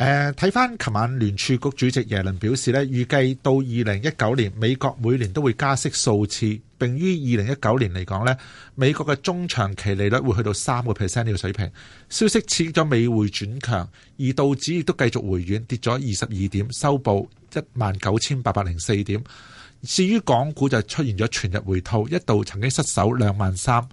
誒，睇翻琴晚聯儲局主席耶倫表示呢，預計到二零一九年美國每年都會加息數次，並於二零一九年嚟講呢，美國嘅中長期利率會去到三個 percent 呢個水平。消息刺激咗美匯轉強，而道指亦都繼續回軟，跌咗二十二點，收報一萬九千八百零四點。至於港股就出現咗全日回吐，一度曾經失守兩萬三。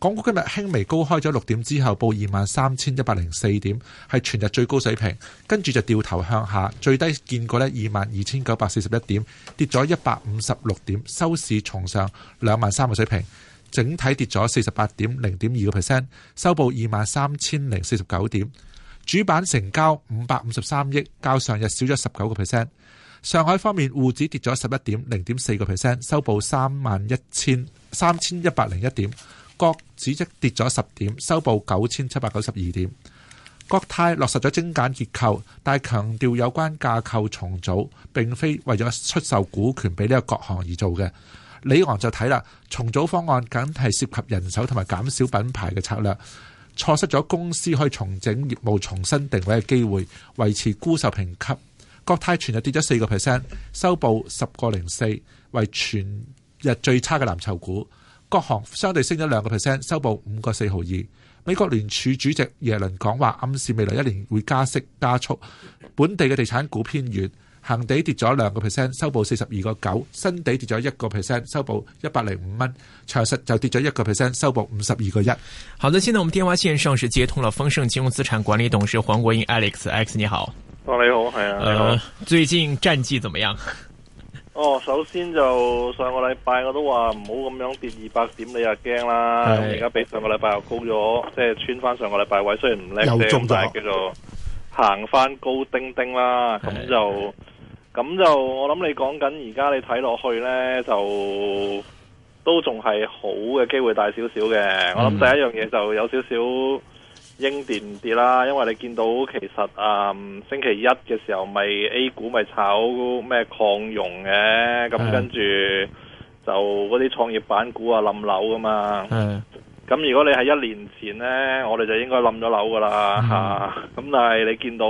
港股今日輕微高開咗六點之後，報二萬三千一百零四點，係全日最高水平。跟住就掉頭向下，最低見過呢二萬二千九百四十一點，跌咗一百五十六點，收市重上兩萬三個水平，整體跌咗四十八點零點二個 percent，收報二萬三千零四十九點。主板成交五百五十三億，較上日少咗十九個 percent。上海方面，滬指跌咗十一點零點四個 percent，收報三萬一千三千一百零一點。國指即跌咗十點，收報九千七百九十二點。國泰落實咗精簡結構，但係強調有關架構重組，並非為咗出售股權俾呢個國航而做嘅。李昂就睇啦，重組方案梗係涉及人手同埋減少品牌嘅策略，錯失咗公司可以重整業務、重新定位嘅機會，維持沽售評級。國泰全日跌咗四個 percent，收報十個零四，04, 為全日最差嘅藍籌股。各行相對升咗兩個 percent，收報五個四毫二。美國聯儲主席耶倫講話暗示未來一年會加息加速。本地嘅地產股偏軟，恒地跌咗兩個 percent，收報四十二個九；新地跌咗一個 percent，收報一百零五蚊；長實就跌咗一個 percent，收報五十二個一。好嘅，現在我們電話線上是接通了豐盛金融資產管理董事黃國英 Alex，Alex Alex，你好。哦，你好，係啊，你好，呃。最近戰績怎麼樣？哦，首先就上個禮拜我都話唔好咁樣跌二百點，你又驚啦。咁而家比上個禮拜又高咗，即係穿翻上個禮拜位，雖然唔叻，又重大叫做行翻高丁丁啦。咁是就咁的就，我諗你講緊而家你睇落去呢，就都仲係好嘅機會大少少嘅。我諗第一樣嘢就有少少。嗯英電跌啦，因為你見到其實誒、嗯，星期一嘅時候咪 A 股咪炒咩擴容嘅，咁的跟住就嗰啲創業板股啊冧樓噶嘛。咁的如果你係一年前呢，我哋就應該冧咗樓噶啦吓。咁的、啊、但係你見到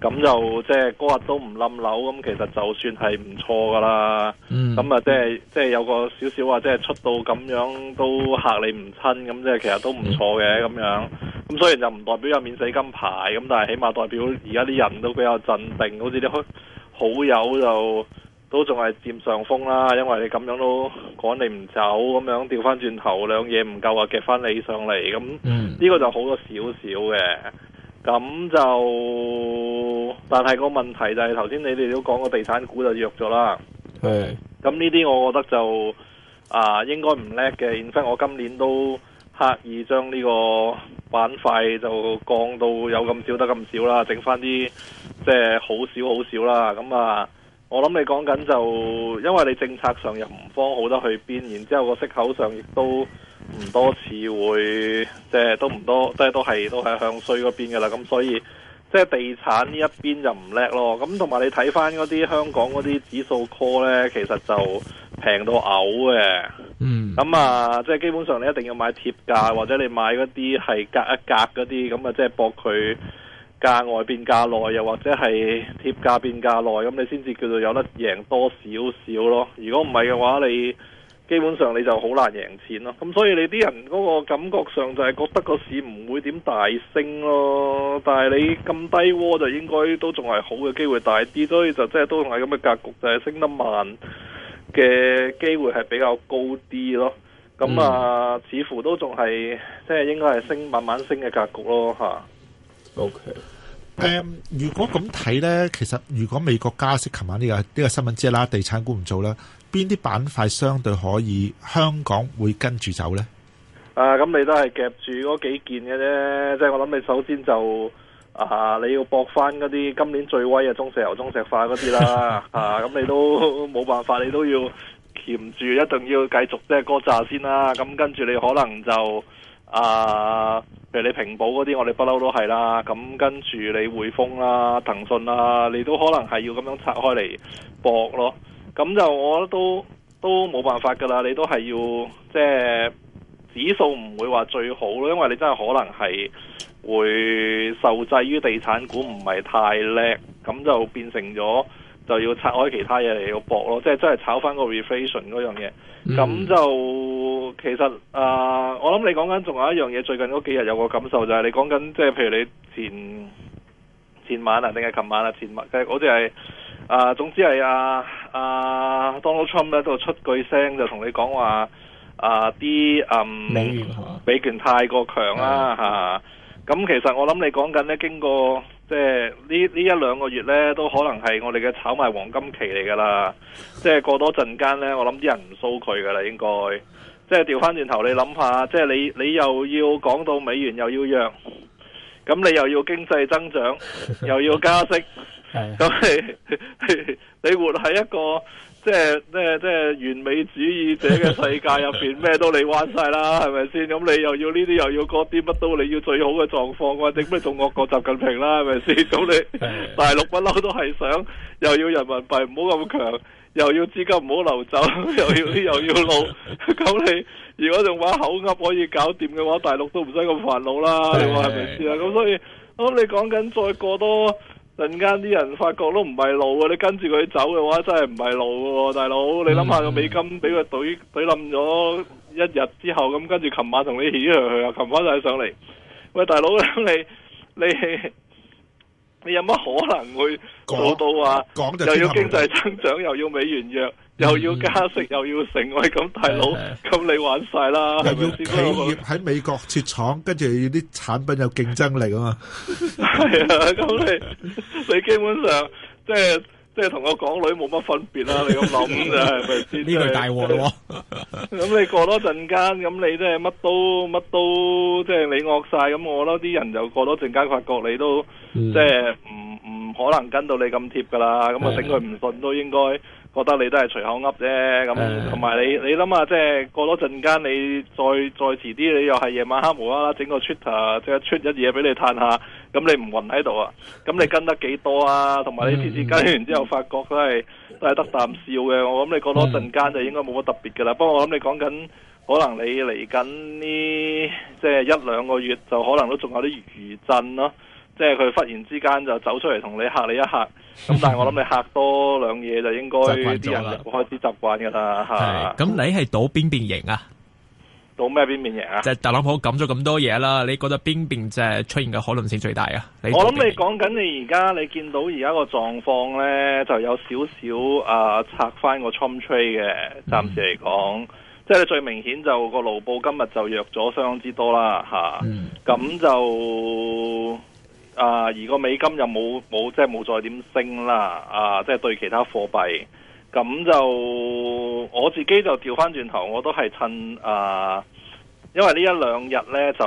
咁就即係嗰日都唔冧樓，咁其實就算係唔錯噶啦。咁啊即係即係有個少少或者即係出到咁樣都吓你唔親，咁即係其實都唔錯嘅咁樣。咁雖然就唔代表有免死金牌，咁但係起碼代表而家啲人都比較鎮定，好似啲好友就都仲係佔上風啦。因為你咁樣都趕你唔走，咁樣調翻轉頭兩嘢唔夠啊，夾翻你上嚟，咁、嗯、呢個就好咗少少嘅。咁就但係個問題就係頭先你哋都講個地產股就弱咗啦。係是的、嗯，咁呢啲我覺得就啊、呃、應該唔叻嘅，因為我今年都。刻意將呢個板塊就降到有咁少得咁少啦，整翻啲即係好少好少啦。咁啊，我諗你講緊就，因為你政策上又唔方好得去邊，然之後個息口上亦都唔多次會，即係都唔多，即係都係都係向衰嗰邊噶啦。咁所以即係地產呢一邊就唔叻咯。咁同埋你睇翻嗰啲香港嗰啲指數 call 呢，其實就平到嘔嘅。嗯。咁啊，即係基本上你一定要買貼價，或者你買嗰啲係隔一隔嗰啲，咁啊即係博佢價外變價內，又或者係貼價變價內，咁你先至叫做有得贏多少少咯。如果唔係嘅話，你基本上你就好難贏錢咯。咁所以你啲人嗰個感覺上就係覺得個市唔會點大升咯，但係你咁低窩就應該都仲係好嘅機會大啲，所以就即係都係咁嘅格局，就係升得慢，嘅機會係比較高啲咯，咁啊，嗯、似乎都仲係即係應該係升慢慢升嘅格局咯，吓 O K，如果咁睇呢，其實如果美國加息、呢個，琴晚呢個呢個新聞之後啦，地產股唔做啦，邊啲板塊相對可以香港會跟住走呢？啊，咁、嗯、你都係夾住嗰幾件嘅啫，即、就、係、是、我諗你首先就。啊！你要搏翻嗰啲今年最威嘅中石油、中石化嗰啲啦， 啊！咁你都冇辦法，你都要鉗住，一定要繼續即係割炸先啦。咁跟住你可能就啊，譬如你平保嗰啲，我哋不嬲都係啦。咁跟住你匯豐啦、騰訊啦，你都可能係要咁樣拆開嚟搏咯。咁就我覺得都都冇辦法噶啦，你都係要即係、就是、指數唔會話最好咯，因為你真係可能係。會受制於地產股唔係太叻，咁就變成咗就要拆開其他嘢嚟要搏咯，即係真係炒翻個 reflation 嗰樣嘢。咁、嗯、就其實啊、呃，我諗你講緊仲有一樣嘢，最近嗰幾日有個感受就係、是、你講緊，即係譬如你前前，前晚啊，定係琴晚啊，前晚，即係好似係啊，總之係啊啊，Donald Trump 咧都出句聲就同你講話啊啲嗯美元係嘛，嗯、比權太過強啦嚇。嗯嗯咁其實我諗你講緊咧，經過即係呢呢一兩個月呢，都可能係我哋嘅炒賣黃金期嚟噶啦。即係過多陣間呢，我諗啲人唔騷佢噶啦，應該。即係調翻轉頭，你諗下，即係你你又要講到美元又要弱，咁你又要經濟增長，又要加息，咁 你 你活喺一個。即係即係即係完美主義者嘅世界入邊，咩都你玩晒啦，係咪先？咁你又要呢啲，又要嗰啲，乜都你要最好嘅狀況。我話點解仲惡過習近平啦？係咪先？咁你是的 大陸不嬲都係想又要人民幣唔好咁強，又要資金唔好流走，又要又要老。咁你如果仲話口噏可以搞掂嘅話，大陸都唔使咁煩惱啦。你話係咪先？咁所以咁你講緊再過多陣間啲人發覺都唔係路嘅，你跟住佢走嘅話，真係唔係路嘅，大佬。你諗下個美金俾個懟懟冧咗一日之後，咁跟住琴晚同你起咗佢又擒翻晒上嚟。喂，大佬，你你你，你有乜可能會做到啊？又要經濟增長，又要美元弱。又要加息，又要成為咁大佬，咁是你玩晒啦！企業喺美國設廠，跟住要啲產品有競爭力啊嘛！係啊，咁你你基本上即係即係同個港女冇乜分別啦！你咁諗咋係咪先？呢個 是大鑊咯，哦 嗯！咁你過多陣間，咁你即係乜都乜都即係你惡晒，咁我咯啲人就過多陣間發覺你都即係唔唔可能跟到你咁貼噶啦！咁啊，頂佢唔順都應該。應該覺得你都係隨口噏啫，咁同埋你你諗下，即係過多陣間，你再再遲啲，你又係夜晚黑無啦啦整個 Twitter 即係出一嘢俾你嘆下，咁你唔暈喺度啊？咁你跟得幾多啊？同埋你次次跟完之後，發覺佢係都係得啖笑嘅，我諗你過多陣間就應該冇乜特別噶啦。不過我諗你講緊可能你嚟緊呢，即係一兩個月就可能都仲有啲餘震咯，即係佢忽然之間就走出嚟同你嚇你一嚇。咁、嗯、但係我諗你吓多兩嘢、嗯、就應該啲人就開始習慣噶啦吓。咁是、嗯、你係賭邊邊贏啊？賭咩邊邊贏啊？即係特朗普咁咗咁多嘢啦，你覺得邊邊即係出現嘅可能性最大啊？邊邊我諗你講緊你而家你見到而家個狀況咧，就有少少啊拆翻個 Trump trade 嘅，暫時嚟講，嗯、即係你最明顯就個盧布今日就弱咗相當之多啦吓。咁就。啊！而個美金又冇冇即係冇再點升啦！啊，即係對其他貨幣，咁就我自己就調翻轉頭，我都係趁啊，因為呢一兩日呢，就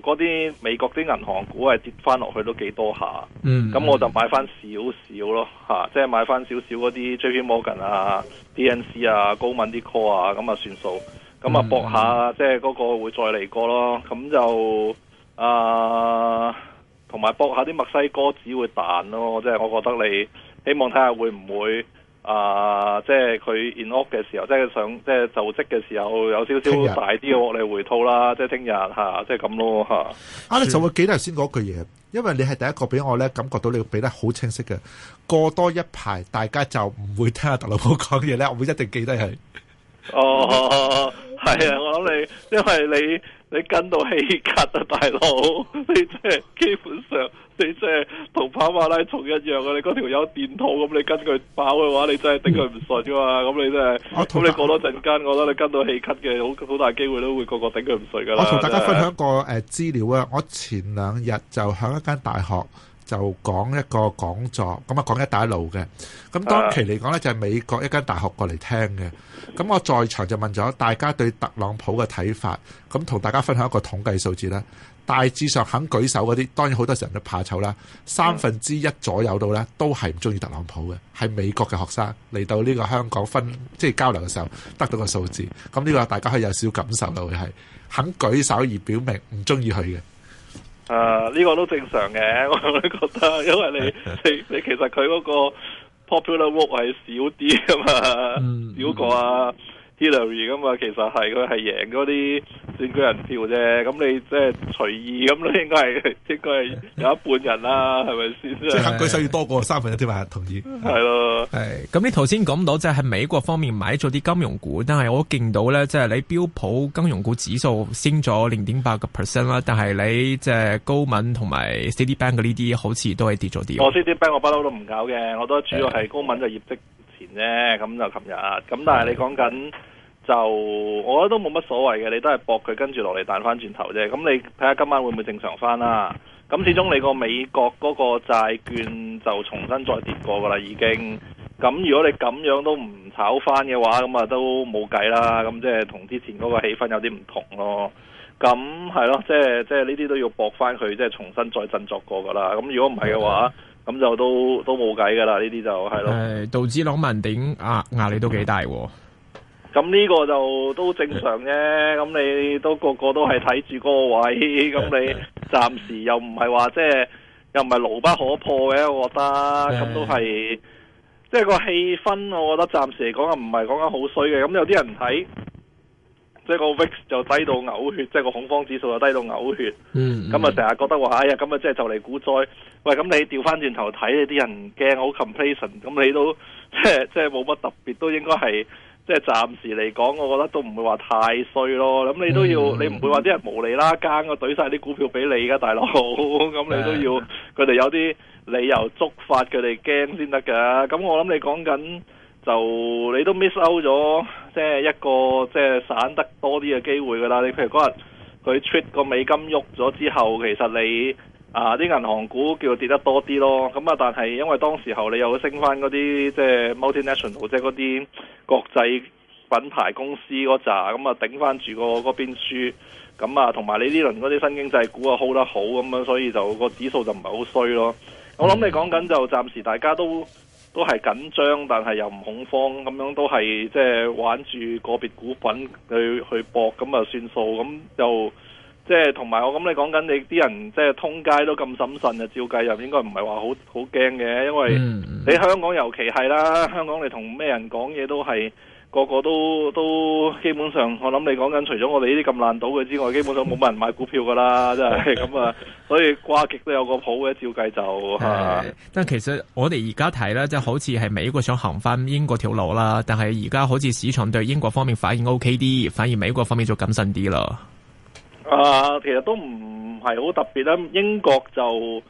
嗰啲美國啲銀行股係跌翻落去都幾多下，咁、嗯、我就買翻少，少少咯吓、啊，即係買翻少少嗰啲 J P Morgan 啊、啊 D N C 啊、高敏啲 call 啊，咁啊算數，咁啊搏下，啊、即係嗰個會再嚟過咯，咁就啊。啊同埋博下啲墨西哥紙會彈咯、啊，即、就、係、是、我覺得你希望睇下會唔會啊，即係佢 in 屋嘅時候，即、就、係、是、想即係、就是、就職嘅時候有少少，少大啲嘅獲利回吐啦，即係聽日嚇，即係咁咯嚇。啊，你就會記得頭先嗰句嘢，因為你係第一個俾我咧感覺到你俾得好清晰嘅。過多一排，大家就唔會聽阿特朗普講嘢咧，我會一定記得係、哦。哦，係 啊，我諗你，因為你。你跟到氣咳啊，大佬！ 你即係基本上，你即係同跑馬拉松一樣啊！你嗰條友電套咁，你跟佢跑嘅話，你真係頂佢唔順啊嘛！咁、嗯、你真係，咁你過多陣間，我覺得你跟到氣咳嘅，好好大機會都會個個頂佢唔順噶啦！我同大家分享一個誒資料啊！我前兩日就響一間大學。就講一個講座，咁啊講一帶一路嘅，咁當期嚟講呢，就係、是、美國一間大學過嚟聽嘅，咁我在場就問咗大家對特朗普嘅睇法，咁同大家分享一個統計數字啦，大致上肯舉手嗰啲當然好多時人都怕醜啦，三分之一左右到呢都係唔中意特朗普嘅，係美國嘅學生嚟到呢個香港分即係、就是、交流嘅時候得到嘅數字，咁呢個大家可以有少少感受到嘅會係肯舉手而表明唔中意佢嘅。啊！呢、這個都正常嘅，我都覺得，因為你 你你其實佢嗰個 popular vote 係少啲啊嘛，嗯、少過、啊。呢兩年咁啊，其實係佢係贏嗰啲選舉人票啫。咁你即係隨意咁咧，應該係應該係有一半人啦，係咪先？即係肯舉手要多過三分一啲嘛，同意。係咯 對了 係。咁你頭先講到即係喺美國方面買咗啲金融股，但係我見到咧，即係你標普金融股指數升咗零點八個 percent 啦，但係你即係高敏同埋 City Bank 呢啲好似都係跌咗啲。我 City Bank 我畢孬都唔搞嘅，我覺得主要係高敏嘅業績。啫，咁就琴日，咁但係你講緊就，我覺得都冇乜所謂嘅，你都係搏佢跟住落嚟彈翻轉頭啫。咁你睇下今晚會唔會正常翻啦？咁始終你個美國嗰個債券就重新再跌過噶啦，已經。咁如果你咁樣都唔炒翻嘅話，咁啊都冇計啦。咁即係同之前嗰個氣氛有啲唔同咯。咁係咯，即係即係呢啲都要搏翻佢，即係重新再振作過噶啦。咁如果唔係嘅話。咁就都都冇計噶啦，呢啲就係咯。誒，道指兩萬點啊，壓力都幾大。咁呢、嗯嗯嗯、個就都正常啫。咁 你都個個都係睇住個位，咁 你暫時又唔係話即係又唔係牢不可破嘅，我覺得咁都係，即係、嗯、個氣氛，我覺得暫時嚟講啊，唔係講緊好衰嘅，咁有啲人睇。即係個 VIX 就低到嘔血，即係個恐慌指數就低到嘔血嗯。嗯。咁啊，成日覺得話，哎呀，咁啊，即係就嚟股災。喂，咁你調翻轉頭睇你啲人唔驚，好 complacent。咁你都即係即係冇乜特別，都應該係即係暫時嚟講，我覺得都唔會話太衰咯。咁你都要，嗯嗯、你唔會話啲人無理啦攪，我懟晒啲股票俾你噶，大佬。咁你都要，佢哋有啲理由觸發佢哋驚先得嘅。咁我諗你講緊。就你都 miss out 咗，即、就、係、是、一個即係、就是、省得多啲嘅機會噶啦。你譬如嗰日佢出個美金喐咗之後，其實你啊啲銀行股叫跌得多啲咯。咁啊，但係因為當時候你又升翻嗰啲即係 multinational，即係嗰啲國際品牌公司嗰扎，咁啊，頂翻住個嗰邊輸。咁啊，同埋你呢輪嗰啲新經濟股啊 hold 得好咁樣，所以就個指數就唔係好衰咯。我諗你講緊就暫時大家都都係緊張，但係又唔恐慌咁樣都，都係即係玩住個別股份去去搏，咁啊算數。咁就即係同埋我咁，你講緊你啲人即係通街都咁審慎啊，照計又應該唔係話好好驚嘅，因為你香港尤其係啦，香港你同咩人講嘢都係個個都都。基本上，我諗你講緊除咗我哋呢啲咁爛賭嘅之外，基本上冇乜人買股票噶啦， 真係咁啊！所以掛極都有個譜嘅，照計就吓、啊。但其實我哋而家睇咧，即係好似係美國想行翻英國條路啦，但係而家好似市場對英國方面反應 O K 啲，反而美國方面就謹慎啲啦。啊，其實都唔係好特別啦，英國就。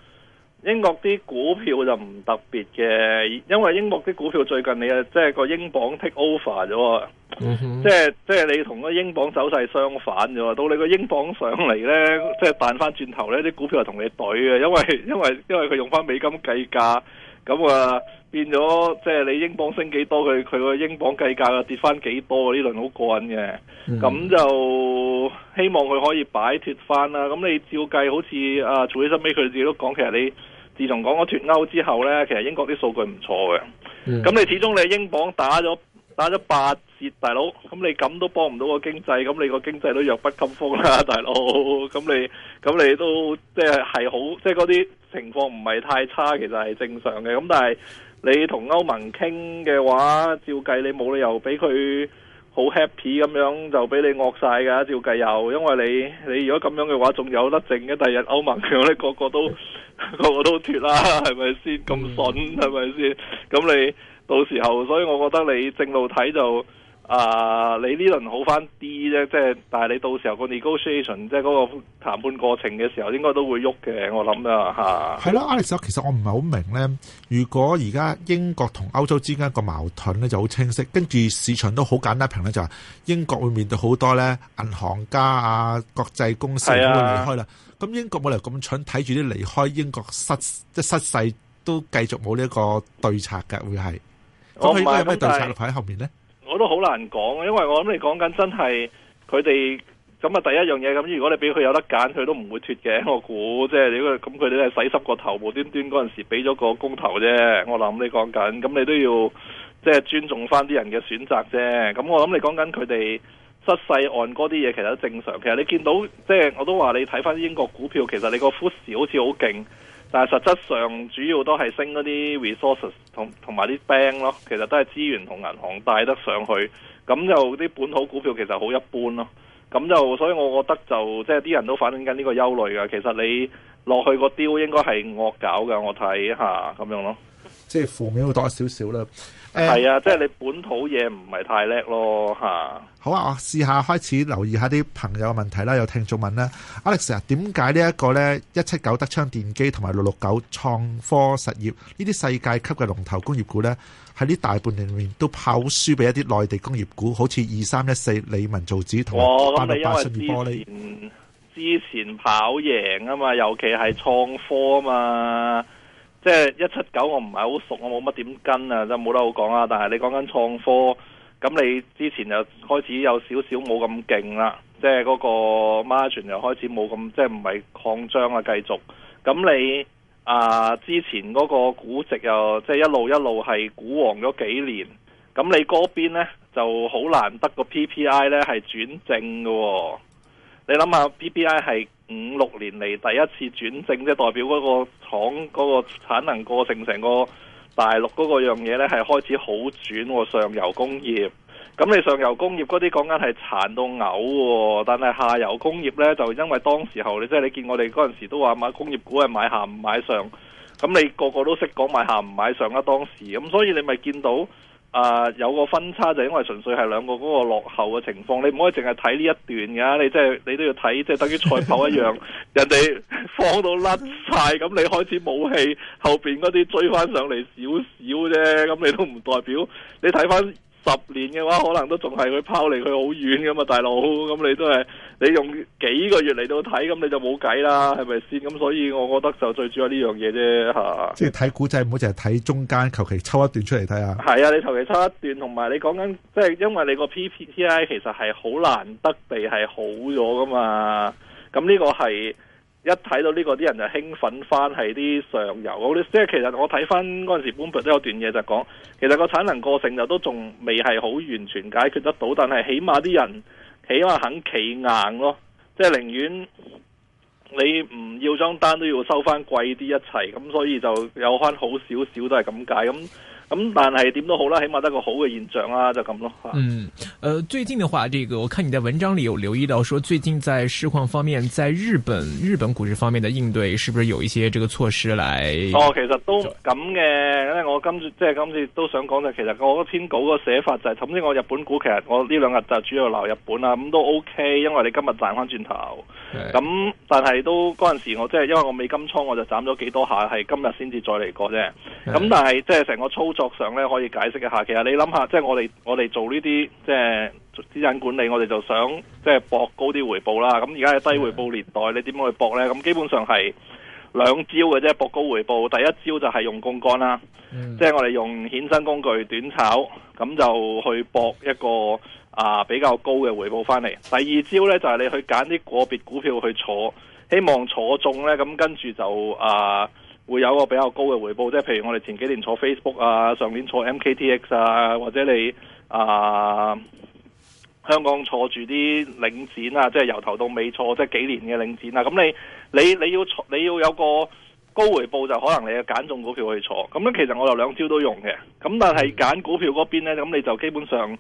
英國啲股票就唔特別嘅，因為英國啲股票最近你啊，即係個英鎊 take over 咗，即係即係你同個英鎊走勢相反咗。到你個英鎊上嚟咧，即係彈翻轉頭咧，啲股票係同你對嘅，因為因為因為佢用翻美金計價，咁啊變咗即係你英鎊升幾多，佢佢個英鎊計價啊跌翻幾多，呢輪好過癮嘅。咁、mm hmm. 就希望佢可以擺脱翻啦。咁你照計好似啊，早起身尾佢自己都講，其實你。自從講咗脱歐之後呢，其實英國啲數據唔錯嘅。咁、嗯、你始終你英鎊打咗打咗八折，大佬，咁你咁都幫唔到個經濟，咁你個經濟都弱不禁風啦，大佬。咁你咁你都即係係好，即係嗰啲情況唔係太差，其實係正常嘅。咁但係你同歐盟傾嘅話，照計你冇理由俾佢，好 happy 咁樣，就俾你惡晒㗎，照計又，因為你你如果咁樣嘅話，仲有得剩嘅，第二日歐盟佢咧個個都個個都脱啦，係咪先？咁筍係咪先？咁你到時候，所以我覺得你正路睇就。啊！Uh, 你呢輪好翻啲啫，即係但係你到時候個 negotiation 即係嗰個談判過程嘅時候，應該都會喐嘅。我諗啊，吓。係咯，Alex，其實我唔係好明咧。如果而家英國同歐洲之間個矛盾咧就好清晰，跟住市場都好簡單評咧，就係英國會面對好多咧銀行家啊、國際公司都會離開啦。咁的英國冇理由咁蠢睇住啲離開英國失即失勢，都繼續冇呢一個對策嘅會係。咁佢應該有咩對策排喺但後面咧？我都好難講，因為我諗你講緊真係佢哋咁啊。第一樣嘢咁，如果你俾佢有得揀，佢都唔會脫嘅。我估即係你咁，佢哋係洗濕個頭，無端端嗰陣時俾咗個公投啫。我諗你講緊咁，你都要即係尊重翻啲人嘅選擇啫。咁、嗯、我諗你講緊佢哋失勢岸哥啲嘢，其實都正常。其實你見到即係我都話你睇翻英國股票，其實你個 FTSE 好似好勁。但係實質上主要都係升嗰啲 resources 同同埋啲 bank 咯，其實都係資源同銀行帶得上去，咁就啲本土股票其實好一般咯，咁就所以我覺得就即係啲人都反映緊呢個憂慮㗎，其實你落去個 deal 應該係惡搞㗎，我睇下咁樣咯。即係負面會多少少啦，係啊，嗯、即係你本土嘢唔係太叻咯吓。好啊，我試下開始留意下啲朋友嘅問題啦。有聽眾問啦，Alex 啊，點解呢一個咧一七九德昌電機同埋六六九創科實業呢啲世界級嘅龍頭工業股咧，喺呢大半年裏面都跑輸俾一啲內地工業股，好似二三一四理文造紙同埋八六八信義玻璃，之前跑贏啊嘛，尤其係創科啊嘛。即係一七九，我唔係好熟，我冇乜點跟啊，真係冇得好講啊。但係你講緊創科，咁你之前又開始有少少冇咁勁啦。即係嗰個 margin 又開始冇咁，即係唔係擴張啊，繼續。咁你啊，之前嗰個估值又即係、就是、一路一路係股王咗幾年。咁你嗰邊呢就好難得個 PPI 呢係轉正噶、哦。你諗下 PPI 係。五六年嚟第一次轉正啫，即代表嗰個廠嗰個產能過剩，成個大陸嗰個樣嘢呢係開始好轉喎。上游工業，咁你上游工業嗰啲講緊係殘到嘔喎，但係下游工業呢，就因為當時候、就係、你即係你見我哋嗰陣時都話買工業股係買下唔買上，咁你個個都識講買下唔買上啦。當時咁，所以你咪見到。啊，uh, 有個分差就因為純粹係兩個嗰個落後嘅情況，你唔可以淨係睇呢一段噶，你即係你都要睇，即係等於賽跑一樣， 人哋放到甩晒，咁你開始冇氣，後邊嗰啲追翻上嚟，少少啫，咁你都唔代表你睇翻。十年嘅話可能都仲係佢拋離佢好遠噶嘛，大佬咁、嗯、你都係你用幾個月嚟到睇，咁、嗯、你就冇計啦，係咪先？咁、嗯、所以我覺得就最主要呢樣嘢啫吓。啊、即係睇股仔唔好淨係睇中間，求其抽一段出嚟睇下。係啊，你求其抽一段，同埋你講緊即係，因為你個 PPTI 其實係好難得地係好咗噶嘛，咁、嗯、呢、這個係。一睇到呢個啲人就興奮翻，係啲上游，即係其實我睇翻嗰陣時 Bloomberg 都有段嘢就講，其實個產能過剩就都仲未係好完全解決得到，但係起碼啲人起碼肯企硬咯，即係寧願你唔要張單都要收翻貴啲一齊，咁所以就有翻好少少都係咁解咁。咁但係點都好啦，起碼得個好嘅現象啦，就咁咯。嗯，誒、呃，最近嘅話，這個我看你在文章裏有留意到，說最近在市況方面，在日本日本股市方面的應對，是不是有一些這個措施來？哦，其實都咁嘅，因為我今次即係今次都想講就，其實我篇稿個寫法就係、是，總之我日本股其實我呢兩日就主要留日本啦，咁都 O、OK, K，因為你今日賺翻轉頭。咁對但係都嗰陣時我即係因為我美金倉我就斬咗幾多下，係今日先至再嚟過啫。咁對但係即係成個操。作上咧可以解釋一下，其實你諗下，即係我哋我哋做呢啲即係資產管理，我哋就想即係博高啲回報啦。咁而家係低回報年代，你點樣去博呢？咁基本上係兩招嘅啫，博高回報。第一招就係用槓桿啦，嗯、即係我哋用衍生工具短炒，咁就去博一個啊比較高嘅回報翻嚟。第二招呢，就係、是、你去揀啲個別股票去坐，希望坐中呢。咁跟住就啊。會有個比較高嘅回報，即係譬如我哋前幾年坐 Facebook 啊，上年坐 MKTX 啊，或者你啊、呃、香港坐住啲領展啊，即係由頭到尾坐即係幾年嘅領展啊。咁你你你要你要有個高回報就可能你係揀中股票去坐。咁樣其實我有兩招都用嘅。咁但係揀股票嗰邊呢，咁你就基本上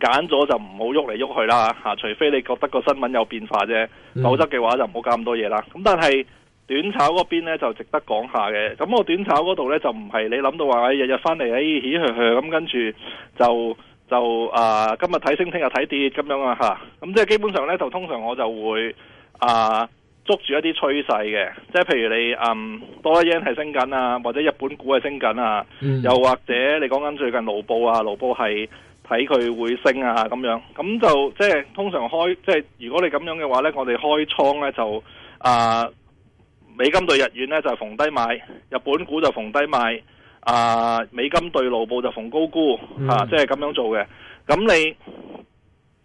揀咗就唔好喐嚟喐去啦嚇、啊，除非你覺得個新聞有變化啫，否則嘅話就唔好搞咁多嘢啦。咁但係。短炒嗰邊咧就值得講下嘅，咁我短炒嗰度咧就唔係你諗到話、哎、日日翻嚟，誒，唏噓噓咁跟住就就啊，今日睇升，聽日睇跌咁樣啊吓，咁即係基本上咧就通常我就會啊捉住一啲趨勢嘅，即係譬如你嗯多啦咽係升緊啊，或者日本股係升緊啊，又或者你講緊最近盧布啊，盧布係睇佢會升啊咁樣，咁就即係通常開即係如果你咁樣嘅話咧，我哋開倉咧就啊。美金對日元咧就是、逢低買，日本股就逢低買，啊、呃、美金對盧布就逢高沽，mm. 啊即係咁樣做嘅。咁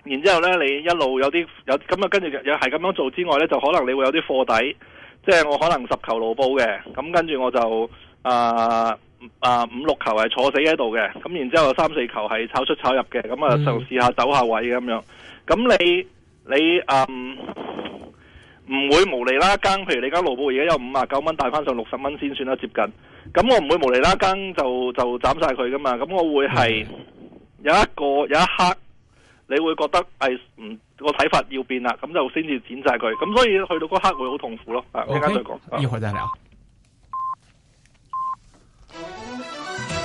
你，然之後咧你一路有啲有咁啊，跟住又係咁樣做之外咧，就可能你會有啲貨底，即、就、係、是、我可能十球盧布嘅，咁跟住我就啊啊、呃呃、五六球係坐死喺度嘅，咁然之後三四球係炒出炒入嘅，咁啊嘗試下走下位咁樣。咁、mm. 你你嗯。唔會無厘啦更，譬如你間勞保，而家有五啊九蚊，帶翻上六十蚊先算啦，接近。咁我唔會無厘啦更，就就斬晒佢噶嘛。咁我會係 Okay. 有一個有一刻，你會覺得誒唔個睇法要變啦，咁就先至剪晒佢。咁所以去到嗰刻會好痛苦咯。啊 Okay.，依家再講。